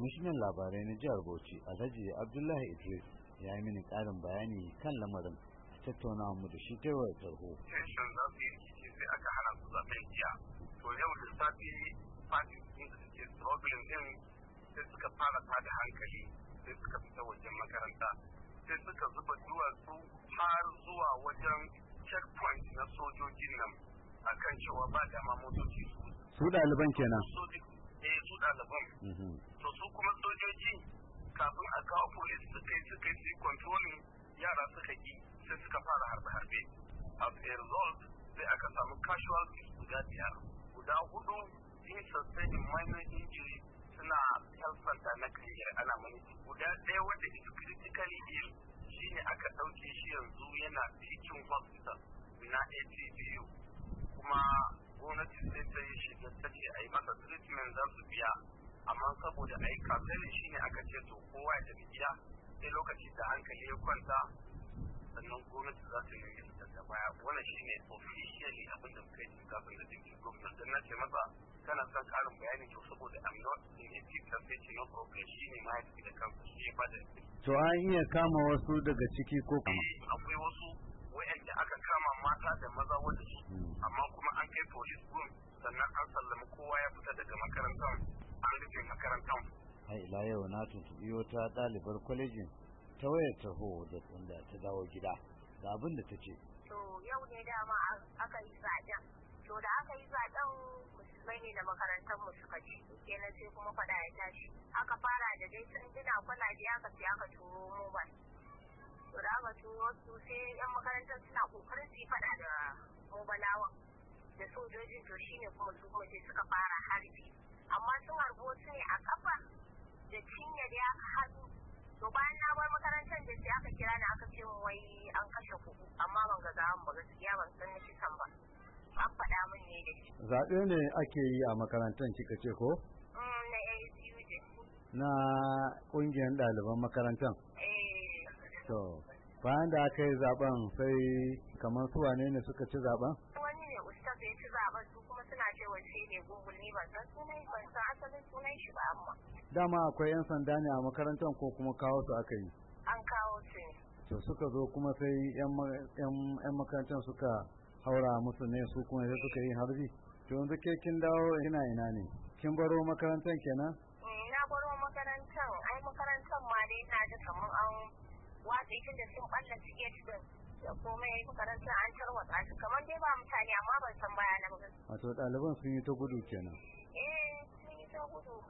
kwamishinan labarai na jihar bauchi alhaji abdullahi idris ya yi mini ƙarin bayani kan lamarin tattauna mu da shi ta yawar tarho. Election za su yi sai aka hana su zaben jiya. To yau lissafi party sun da suke struggling din sai suka fara tada hankali sai suka fita wajen makaranta sai suka zuba duwatsu har zuwa wajen checkpoint na sojojin nan akan cewa ba dama motoci su. Su ɗaliban kenan. ɗaliban mhm. to su kuma sojoji kafin a kawo polis su kai su yi controlling yara suka yi sai suka fara harbe-harbe as a result sai aka samu casualties guda biyar guda hudu sun sustain minor injury suna health center na kariyar ana mani guda ɗaya wanda is critically ill ne aka ɗauke shi yanzu yana cikin hospital na ATBU kuma gwamnati sai ta yi shi ta ce a yi masa treatment za su biya amma saboda a yi kafin shi ne aka ce to kowa ya tafi gida sai lokaci da hankali ya kwanta sannan gwamnati za su yi su baya wannan shi ne officially abin da muka yi kafin da jikin gwamnati don na ce masa kana son karin bayani to saboda I'm not in a deep transition no problem shi ne mahaifi da kansa shi ya bada to an iya kama wasu daga ciki ko kuma eh, akwai wasu wa'anda aka kama mata da maza wanda su hmm. amma kuma je police group sannan an sallami kowa ya fita daga makarantar an rufe makarantar a ila yau na tuntubi wata ɗalibar kwalejin ta wayar taho da inda ta dawo gida ga abin da ta ce to yau ne dama aka yi zaɗen to da aka yi zaɗen musulmai ne da makarantar mu suka ci kenan sai kuma faɗa ya tashi aka fara da dai gina sanduna da ya ce aka turo mobile to da aka turo su sai yan makarantar suna kokar jin to shine kuma su kuma sai suka fara harbi amma sun harbo su ne a kafa da cinya da aka hannu to bayan na bar makarantar da sai aka kira ni aka ce wai an kashe kuku amma ban ga zaman ba gaskiya ban san na kisan ba an faɗa min ne da shi zaɓe ne ake yi a makarantar kika ce ko mm, na ASU na ƙungiyar ɗaliban makarantar eh. to bayan da aka yi zaben sai kamar su wane ne suka ci zaben Da ne google ne san sunan san asalin sunan shi ba amma dama akwai yan sanda ne a makarantar ko kuma kawo su aka yi an kawo su ne to suka zo kuma sai yan makarantar suka haura musu ne su kuma sai suka yi harbi to yanzu ke kin dawo ina ina ne kin baro makarantar kenan mm, na baro makarantar ai makarantar ma dai na ji kamar an watsa shi da sun ɓalla su ke cikin komai makarantar an tarwata shi kamar dai ba mu ta wato ɗaliban sun yi ta gudu kenan eh sun yi ta gudu